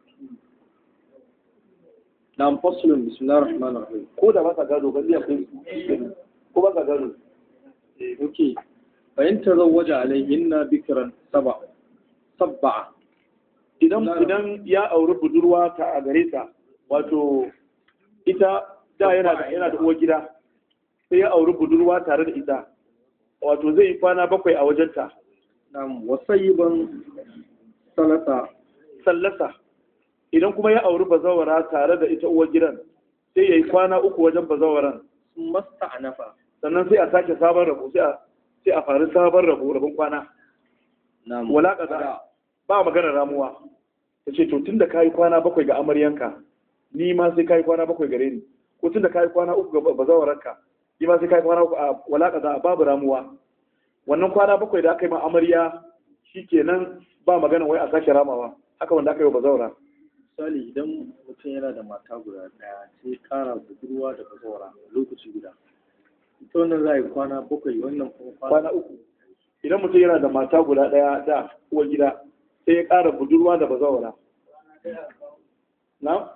na fasulun bismillahir rahman rahim ko da ba ka gado ba zai akwai ko ba ka gado eh, okay Fahimtar zan waje alayhinna bikran sab'a sab'a idan idan ya auri budurwa ta a gare ta wato ita da yana da yana da uwa gida sai ya auri budurwa tare da ita wato zai yi kwana bakwai a wajenta na wasayiban salata sallasa idan kuma ya auri bazawara tare da ita uwar gidan sai ya yi kwana uku wajen bazawaran masta a nafa sannan sai a sake sabon rabo sai a faru sabon rabo rabon kwana wala kaza ba magana ramuwa ta ce to tun da kayi kwana bakwai ga amaryanka ni ma sai kayi kwana bakwai gare ni ko tun da kayi kwana uku ga bazawaranka ni ma sai kayi kwana uku a wala a babu ramuwa wannan kwana bakwai da aka yi ma amarya shikenan ba magana wai a sake ramawa haka wanda aka yi wa bazawara misali idan mutum yana da mata guda ɗaya sai ya ƙara budurwa da bazawara lokaci guda ita wannan za a yi kwana bakwai wannan kwana uku idan mutum yana da mata guda ɗaya da uwar gida sai ya ƙara budurwa da bazawara na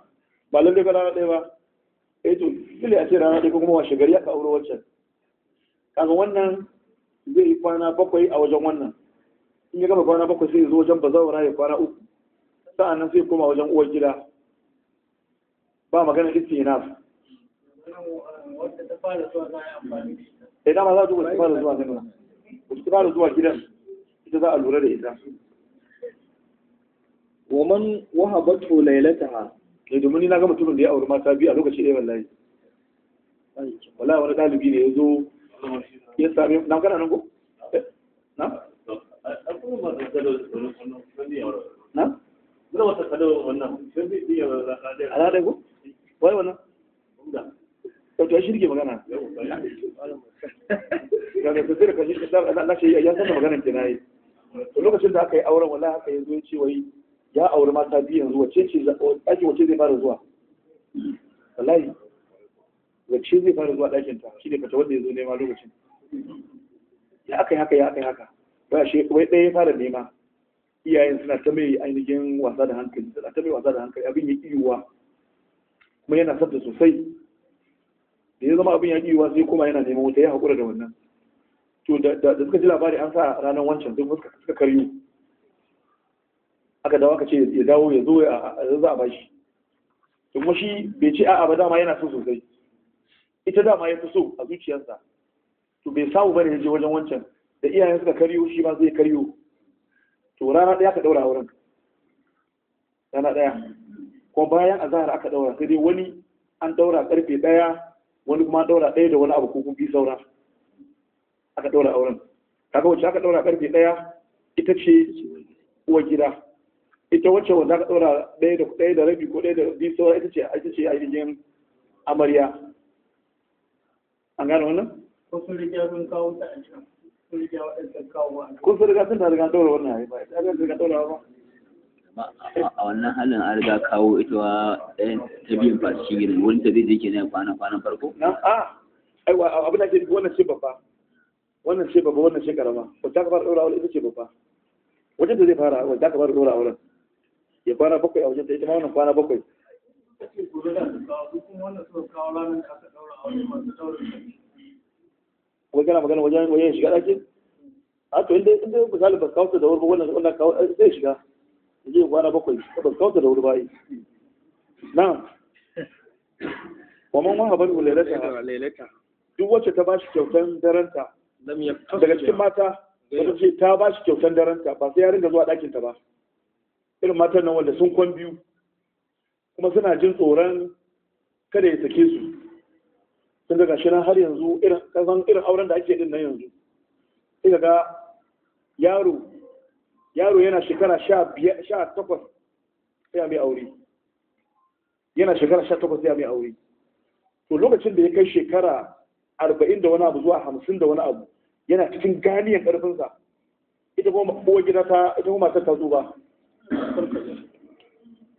ba lalle ka rana ɗaya ba eh to dole a ce rana ɗaya ko kuma washe gari aka auro wancan. kaga wannan zai yi kwana bakwai a wajen wannan in ya gama kwana bakwai sai ya zo wajen bazawara ya kwana uku sa'an nan sai koma wajen uwar gida ba magana istinaf wadda ta fara zuwa za a yi amfani da ita za ta fara zuwa gidan ita za a lura da ita waman lailata ha, eh domin ni na ga mutumin da ya auri mata biyu a lokaci ɗaya wallahi wallahi wani ɗalibi ne ya zo ya sami na gana nan ko na na Kuna wata kalo wannan, sun fi iya alade ku? Wai wannan? Wato ya shirge magana. Ga da sosai da kashi na shi ya san da maganar ke nayi. To lokacin da aka yi auren wala haka yanzu ya ce wai ya auri mata biyu yanzu wace ce ɗakin wace zai fara zuwa. Wallahi wace zai fara zuwa dakin ta shi ne fata wanda ya zo nema lokacin. Ya aka yi haka ya aka yi haka. Ba shi wai ɗaya ya fara nema. iyayen suna ta mai ainihin wasa da hankali suna ta mai wasa da hankali abin ya kiyuwa kuma yana sabta sosai da ya zama abin ya kiyuwa sai kuma yana neman wuta ya haƙura da wannan to da suka ji labari an sa ranar wancan duk suka suka karni. aka dawo aka ce ya dawo ya zo ya za a bashi to kuma shi bai ce a'a ba dama yana so sosai ita dama ya fi so a zuciyarsa to bai samu bane ya je wajen wancan da iyayen suka karyo shi ma zai karyo to rana ɗaya aka ɗaura auren rana ɗaya ko bayan zahar aka ɗaura sai dai wani an ɗaura ƙarfe ɗaya wani kuma an ɗaura ɗaya da wani abu ko kuma bi saura aka ɗaura auren kaga wacce aka ɗaura ƙarfe ɗaya ita ce uwa gida ita wacce wanda aka ɗaura ɗaya da ɗaya da rabi ko ɗaya da bi saura ita ce ita ce ainihin amarya an gane wannan ko sun rike sun kawo ta a can kun wannan a wannan halin an riga kawo ita wa ta biyan fashi gidan wani ta zai je kenan kwana kwanan farko a aiwa abin da ke wannan ce babba wannan ce babba wannan ce karama wata ka fara ɗora wani ita ce babba wajen da zai fara wata ka fara daura auren ya kwana bakwai a wajen ta ita ma wannan kwana bakwai. kuma kana magana wajen wajen shiga ɗakin a to inda inda misali ba kawo da wurba wannan wannan kawo eh, zai shiga zai kwana bakwai ba kawo da wurba yi na'am wa man wahabar lailata duk wacce ta bashi kyautan daranta daga cikin mata wata ce ta bashi kyautan daranta ba sai ya ringa zuwa ɗakin ta ba irin matan nan wanda sun kwan biyu kuma suna jin tsoron kada ya sake su sun ga gashi nan har yanzu irin kasan irin auren da ake din nan yanzu sai ga yaro yaro yana shekara sha takwas sai ya mai aure yana shekara sha takwas sai ya mai aure to lokacin da ya kai shekara arba'in da wani abu zuwa hamsin da wani abu yana cikin ganiyan karfinsa, ita kuma uwa gida ta ita kuma ta tazo ba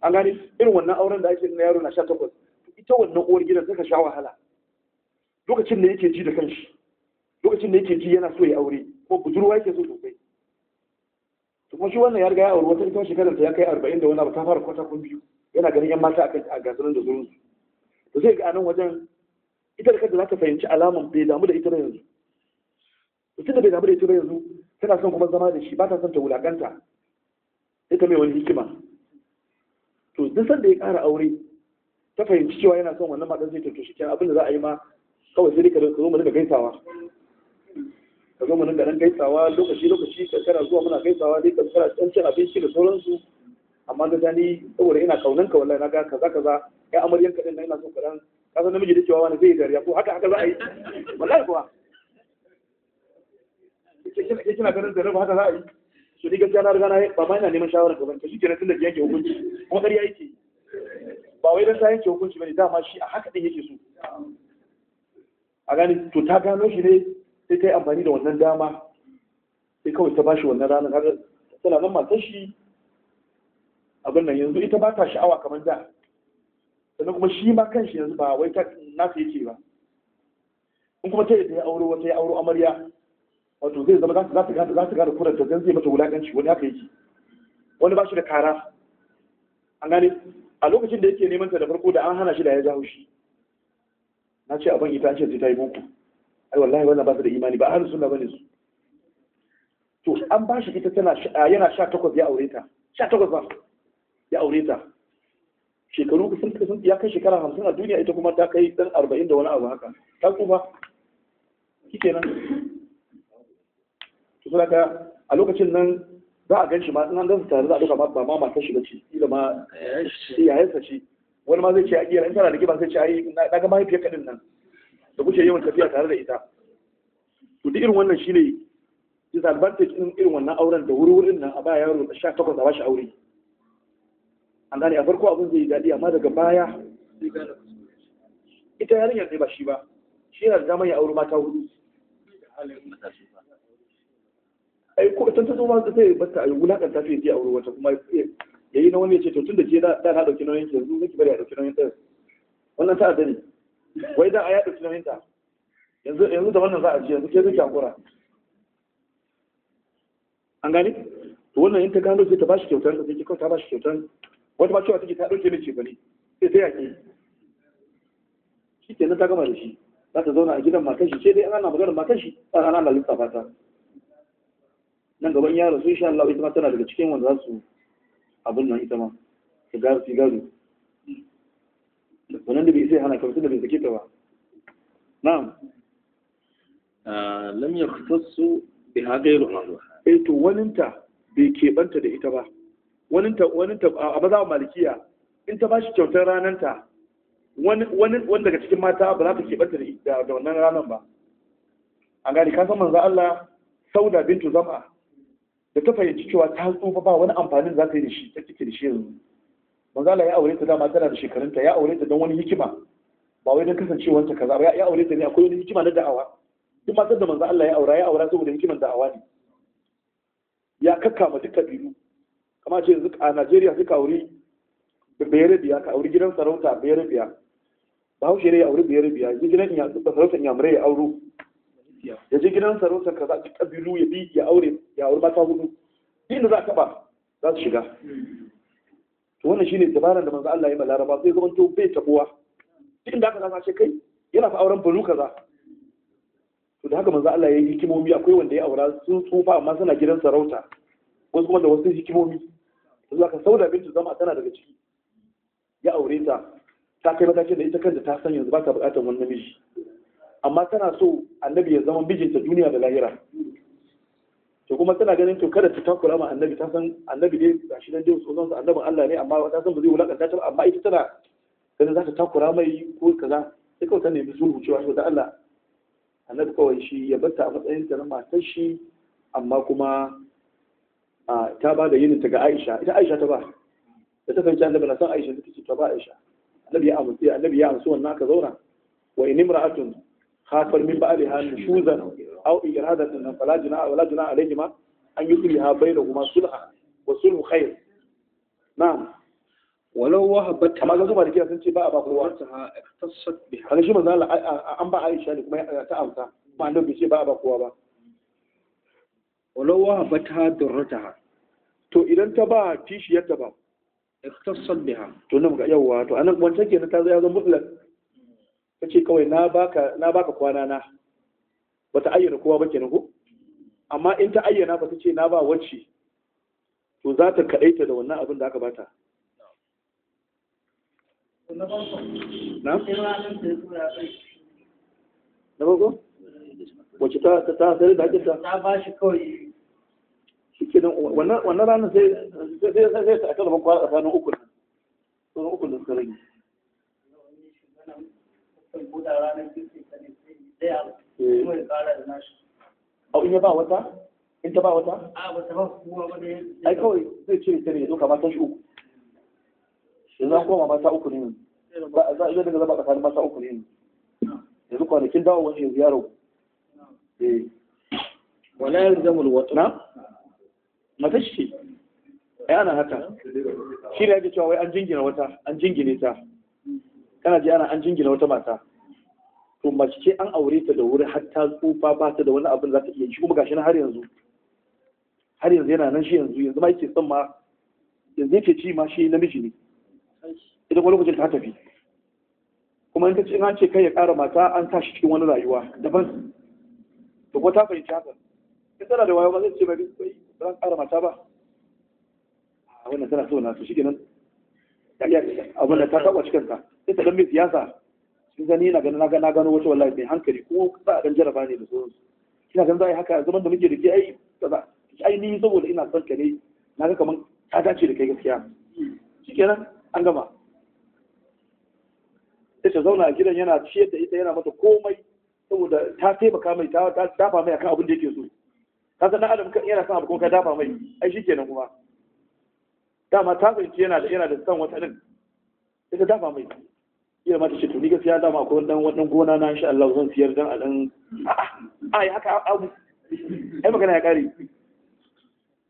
an gani irin wannan auren da ake na yaro na sha takwas ita wannan uwar gidan suka sha wahala lokacin da yake ji da kanshi lokacin da yake ji yana so ya aure ko budurwa yake so sosai to kuma shi wannan ya riga ya aure wata ita shekarar ta ya kai arba'in da wani abu ta fara kwata kun biyu yana ganin yan mata a gasarin da zurin su to zai ga anan wajen ita da kanta za ta fahimci alaman bai damu da ita ba yanzu mutum da bai damu da ita ba yanzu tana son kuma zama da shi ba ta son ta wulakanta sai ta mai wani hikima to duk sanda ya ƙara aure ta fahimci cewa yana son wannan matan zai tafi shi abin da za a yi ma kawai sai ka zo mu dinga gaisawa ka zo mu dinga nan gaisawa lokaci lokaci ka kana zuwa muna gaisawa dai ka kana dan cin abinci da sauransu amma da gani saboda ina kaunan ka wallahi naga kaza kaza ai amaryan ka din nan ina so ka dan ka san namiji da cewa wani zai dariya ko haka haka za a yi wallahi kuwa ke kina ganin da rabu haka za a yi so ni gaskiya na riga na ba ma ina neman shawara ban ka shikenan tunda da yake hukunci kuma ƙarya yake ba wai dan ta yanke hukunci bane dama shi a haka din yake so a gani to ta gano shi ne sai ta yi amfani da wannan dama sai kawai ta bashi wannan ranar har tana nan matar shi abin nan yanzu ita ba ta sha'awa kamar da sannan kuma shi ma kanshi yanzu ba wai ta nasa yake ba in kuma ta yi ta yi auro wata ya auro amarya wato zai zama za ta gane za kuranta don zai mata wulakanci wani haka yake wani ba shi da kara an gane a lokacin da yake neman ta da farko da an hana shi da ya jawo shi na ce abin ita ce ta yi muku ai wallahi wannan ba su da imani ba ahlus sunna bane su to an ba shi ita tana yana 18 ya aure ta 18 ba ya aure ta shekaru sun sun ya kai shekara 50 a duniya ita kuma ta kai dan 40 da wani abu haka ta tsufa nan. to saboda a lokacin nan za a gan shi ma in an gan su tare za a duka ba ma matar shi bace kila ma yayin sa shi. wani ma zai ce a kiyar in tana da kiba sai ce ai na ga mahaifiyar kadin nan da kuke yawan tafiya tare da ita to duk irin wannan shine disadvantage din irin wannan auren da wuri wurin nan a baya yaro da 18 a bashi aure an gane a farko abin zai yi dadi amma daga baya zai gane ita yarinyar ne ba shi ba shi yana da damar ya auri mata hudu ai ko ta zo ma sai bata ai ta sai ya aure wata kuma yayi na wani ya ce tun da ke da na dauki nauyin ki yanzu zaki bari a dauki nauyin ɗin wannan ta ne. wai da a ya dauki nauyin ta yanzu yanzu da wannan za a ce yanzu ke zaki hakura an gani to wannan in ta gano ce ta bashi kyautar sai kawai ta bashi kyautar wata ba cewa take ta dauke ne ce bane sai ta yake shi kenan ta gama da shi za ta zauna a gidan matan shi sai dai ana maganar matan shi ta ana ba ta nan gaban yaro su insha Allah ita ma tana daga cikin wanda za su abin nan ita ma sigaro sigaro wannan da bai sai hana kamar da bai sake ta ba na'am ah, lam yakhtassu biha ghayru ahliha eh to waninta bai keɓanta da ita ba waninta waninta a maza malikiya in ta ba shi kyautar rananta wani daga cikin mata ba za ta keɓanta da wannan ranar ba an gani ka san manzo Allah sauda bintu zama da ta fahimci cewa ta tsufa ba wani amfanin za ta yi da shi ta cike da shi yanzu manzala ya aure ta dama tana da shekarunta ya aure ta don wani hikima ba wai don kasancewanta kaza ba ya aure ta ne akwai wani hikima na da'awa duk matar da manzo Allah ya aura ya aura saboda hikiman da'awa ne ya kakkama duk kabilu kamar ce yanzu a Najeriya suka aure bayarabiya ka aure gidan sarauta bayarabiya bahaushe ne ya aure bayarabiya gidan ya inyamurai ya auro ya je gidan sarautar kaza duk kabilu ya bi ya aure ya aure mata hudu duk da za ka ba za su shiga to wannan shine dabaran da manzo Allah ya mala laraba sai zaman to bai tabuwa din da aka ce kai yana fa auren balu kaza to da haka manzo Allah ya yi hikimomi akwai wanda ya aura sun tsufa amma suna gidan sarauta wasu kuma da wasu hikimomi yanzu aka sauda bintu zama tana daga ciki ya aure ta ta kai matakin da ita kanta ta san yanzu ba ta bukatar wani namiji amma tana so annabi ya zama mijinta duniya da lahira to kuma tana ganin to kada ta takura ma annabi ta san annabi dai shi nan dai tsoron sa annabin Allah ne amma ta san ba zai wulakanta ta amma ita tana ganin za ta takura mai ko kaza sai kawai ta nemi sulhu cewa to da Allah annabi kawai shi ya batta a matsayin ta na matar shi amma kuma ta ba da yinin ta ga Aisha ita Aisha ta ba da ta fahimci annabi na san Aisha ta ce ta ba Aisha annabi ya amince annabi ya amsu wannan aka zauna wa in imra'atun khafar min ba ba'liha nushuzan aw iradatan fala junaha wala junaha alayhima an yusliha bainahuma sulha wa sulhu khair na'am walau wahabat amma ga zuba da kiya sun ce ba a ba kowa tasat bi kana shi manzo an ba Aisha ne kuma ta amsa Kuma nan bai ce ba a ba kowa ba walau wahabata durrataha to idan ta ba kishiyarta ba iktasat biha to nan ga yawa to anan wancan kenan ta zo ya zo mutlaq ta ce kawai na baka kwana na ba ta ayyana kowa ba ke ko amma in ta ayyana ba ta ce na ba wacce to za ta kaɗaita da wannan abin da aka bata na farko wacce ta ta ta sai da hakinta ta ba shi kawai shi wannan wannan ranar sai sai sai sai ta kalla ban kwana tsakanin uku ne uku da suka rage ranar kirki ta ne sai kuma ya eh. da nashi. Au in ya ba wata? In ta ba wata? A ba ta ba kuma Ai kawai zai cire ta ne ya ɗauka mata shi uku. Yanzu an koma mata uku ne. Za a iya daga zama tsakanin mata uku ne. Yanzu kwanakin dawo wani yanzu ya rabu. Eh. Wala yalzamu alwatu. Na? Mata shi ce. Ai ana haka. Shi ne ake cewa wai an jingina wata, an jingine ta. kana ji ana an jingina wata mata to mace ce an aure ta da wuri har ta tsufa ba ta da wani abin za ta iya shi kuma gashi na har yanzu har yanzu yana nan shi yanzu yanzu ma yake son ma yanzu yake ci ma shi namiji ne idan kuma lokacin ta tafi kuma in ta ce an ce kai ya ƙara mata an tashi cikin wani rayuwa daban to kuma ta fahimci haka in tana da wayo ba zai ce bai ba za ƙara mata ba a wannan tana so na to shi kenan abin da ta taɓa cikin ta sai ta dan mai siyasa sun gani na gano na gano wata wallahi mai hankali ko ba a dan jaraba ne da su. kina ganin za a yi haka zaman da muke da ke ai kaza saboda ina son ka ne na ga kamar ta dace da kai gaskiya shikenan an gama sai ta zauna a gidan yana ciyar da ita yana mata komai saboda ta taimaka mai ta dafa mai akan abin da yake so ka san adam kan yana son abu kuma ka dafa mai ai shikenan kuma dama ta zance yana da yana da son wata din sai ta dafa mai iya mata ce to ni gaskiya dama akwai wannan wannan gona na insha Allah zan siyar dan a dan ai haka abu ai magana ya kare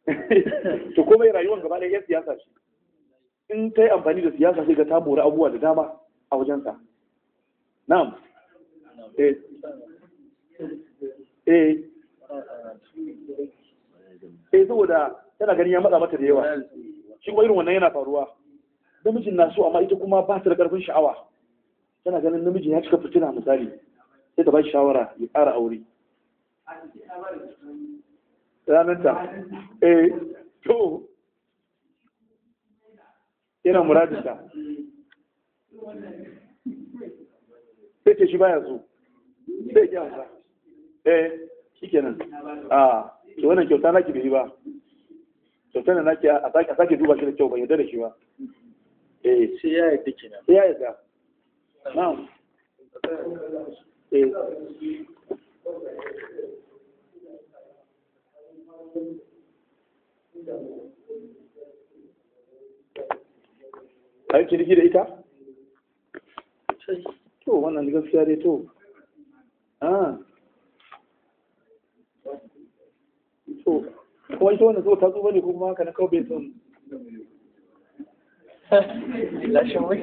to komai rayuwar gaba ɗaya siyasa shi in ta yi amfani da siyasa sai ga ta mori abubuwa da dama a wajensa na'am eh eh eh saboda tana gani ya matsa mata da yawa shi kuma irin wannan yana faruwa namijin na so amma ita kuma ba ta da karfin sha'awa tana ganin namijin ya cika fitina misali sai ta ba shi shawara ya ƙara aure ranar ta eh to ina muradin ta sai ce shi baya so sai ya wasa eh shikenan a ki wannan kyauta naki bai yi ba kyauta na naki a sake duba shi da kyau bai yarda da shi ba eh sai ya yi yarda kenan sai ya yarda na'am Ka eh. yi ciniki da ita? To, wannan gaskiya dai to. Ah. To, kuma ita wannan zuwa ta zo bane kuma haka na kawai bai son. Lashin wai.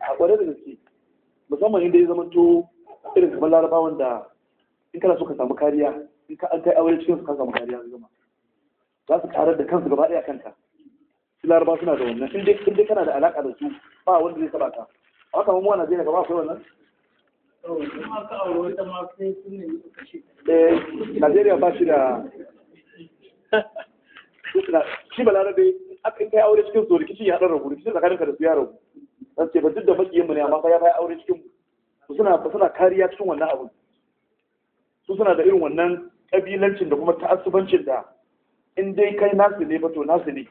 a ƙware da gaske musamman inda ya zama to irin kamar larabawan da in kana so ka samu kariya in ka an kai aure cikin su ka samu kariya su zama za su karar da kansu gaba ɗaya kanka su laraba suna da wannan in dai in kana da alaƙa da su ba wanda zai taɓa ka a haka mu na zai gaba akwai wannan eh, Najeriya ba shi da shi balarabe aka kai aure cikin su rikici ya ɗan ragu rikici tsakaninka da su ya ragu za ce ba duk da makiyin mu ne amma ba ya bai aure cikin mu suna ba suna kariya cikin wannan abu su suna da irin wannan kabilancin da kuma ta'assubancin da in dai kai nasu ne ba to nasu ne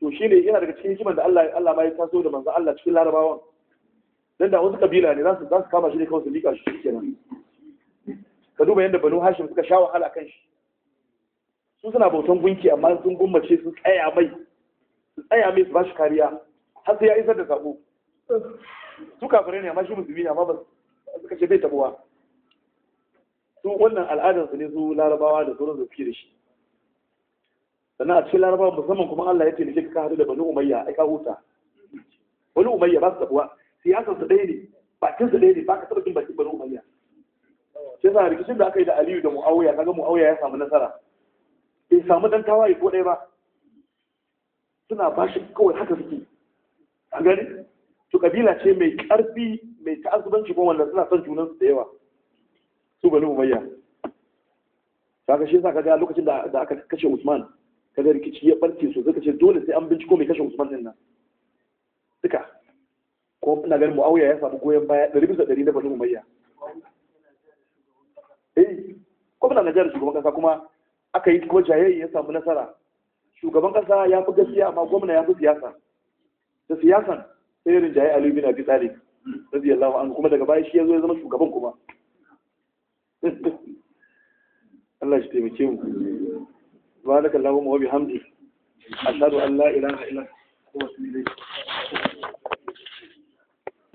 to shine yana daga cikin hikiman da Allah Allah ma ya taso da manzo Allah cikin larabawan dan da wasu kabila ne za su za su kama shi ne kawai su lika shi kenan ka duba yadda banu hashim suka sha wahala kan shi su suna bautan gunki amma sun gummace su tsaya mai su tsaya mai su ba shi kariya har sai ya isar da sako su kafirai ne amma shi musulmi ne amma ba suka ce bai tabuwa su wannan su ne su larabawa da sauran da suke da shi sannan a cikin larabawa musamman kuma Allah ya taimake ka hadu da bani umayya ai ka huta bani umayya ba su tabuwa siyasar su ɗaya ne bakin su ɗaya ne ba ka taɓa jin bakin bani umayya sai sa rikicin da aka yi da Aliyu da Muawiya kaga Muawiya ya samu nasara bai samu dan tawaye ko ɗaya ba suna bashi kawai haka suke gani to kabila ce mai karfi mai ta'azzubanci kuma wanda suna son junan su da yawa su bani umayya kaga shi yasa kaga lokacin da aka kashe Usman kaga rikici ya barke so zaka ce dole sai an binciko mai kashe Usman din nan duka ko ina ganin Muawiya ya samu goyon baya 100% na bani umayya eh ko ina Najeriya shugaban kasa kuma aka yi kuma jayayya ya samu nasara shugaban kasa ya fi gaskiya amma gwamna ya fi siyasa da siyasan sai irin jayi Ali bin Abi Talib radiyallahu anhu kuma daga baya shi yazo ya zama shugaban kuma Allah shi taimake mu subhanakallahumma wa bihamdi ashhadu an la ilaha illa anta astaghfiruka wa atubu ilayk